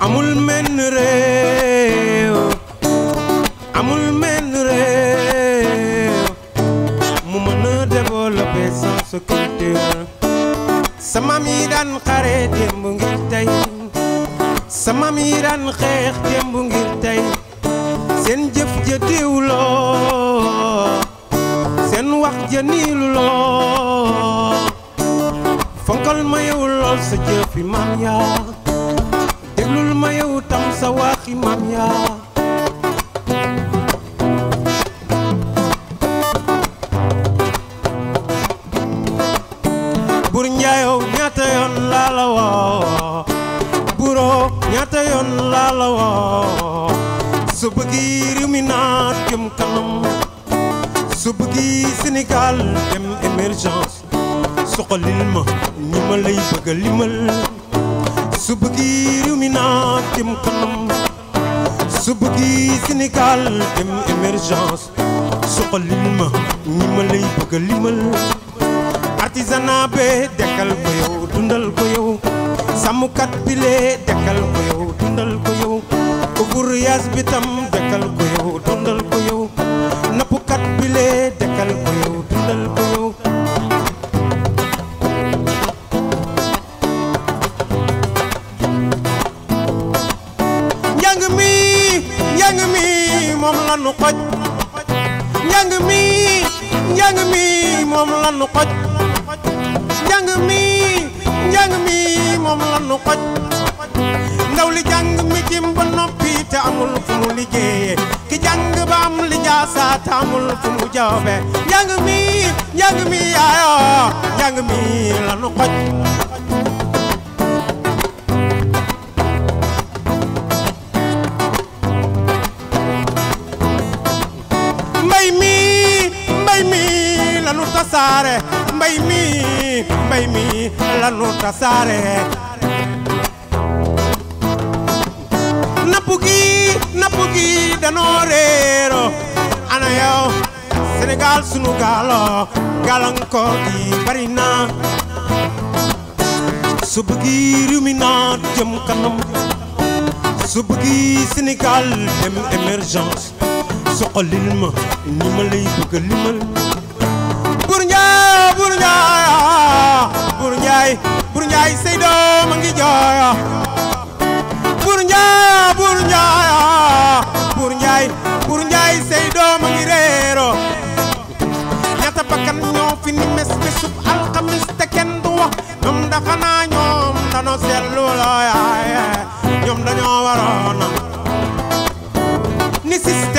amul men reo, amul men reo, mu mën a développer sans sa culture sa maam yi daan xare démb ngir tey sa maam yi daan xeex démb ngir tey seen jëf ja teewloo seen wax ja niiluloo fonkal ma yow lool sa jëfi maam yaa déglul ma yow tam sa waxi maam yaa bur njaayow ñaata yoon laa la woo buroo ñaata yoon laa la woo su bëggee réew mi naat jëm kanam su bëggee Sénégal dem émergence soxalil ma ñi ma lay limal su bëggee réew mi kanam su bëggee Sénégal dem émergence soxalil ma ñi ma lay limal artisanat be dekkal ko dundal ko yow sàmmkat bi dekkal ko fourrière bi tam dekkal ko yow dundal ko yow nappkat bi lee dekkal ko yow dundal ko yow. njàng mi njàng mi moom la nu xoj njàng mi njàng mi moom la nu xoj njàng mi njàng mi moom la nu xoj ndaw li jàng. liggéeyee ki jàng ba am li jaasa tamul fu mu joobe njàng mi njàng mi yaayoo njàng mi lanu xoj mbay mi mbay mi lanu tasaare mbay mi mbay mi lanu tasaare napp gi napp gi danoo réero ana Sénégal sunu gaalo gàllankoor gi bari na su bëggi réew mi kanam su Sénégal dem émergence soxalil ma ni ma lay bëgg a limal Bour Ndiaye Bour Ndiaye Bour Ndiaye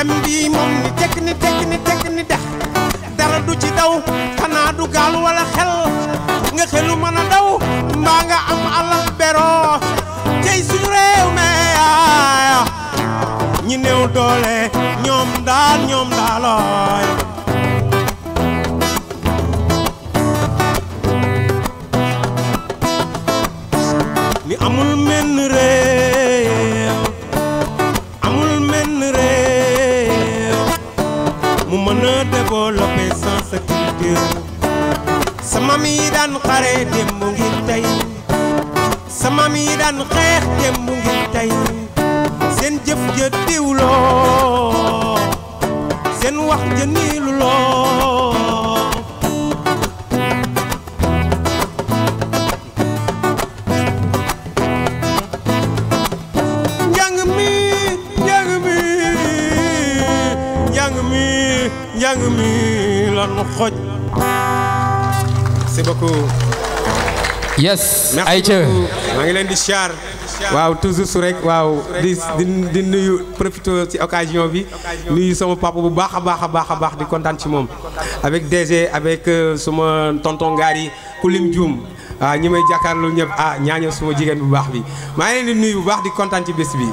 dem bii moom ni tekk ni tekk ni tekk ni dex dara du ci daw xanaa du gaal wala xel nga xelu mën a sama mi daan xare démb ngir tey sama mi daan xeex démb ngir tey seen jëf ja diwloo seen wax ja niiluloo njàng mi njàng mi lan xoj merci beaucoup. yes. merci beaucoup maa ngi leen di char waaw toujours su rek waaw di di nuyu profité ci occasion bi nuyu sama papa bu baax a baax a baax a baax di kontaan ci moom. avec DG avec euh, suma tonton ngaar yi Kulim Dioum ah ñi may jàkkaarloo ñëpp ah ñaañoo suma jigéen bu baax bi maa ngi leen di nuyu bu baax di kontaan ci bés bi.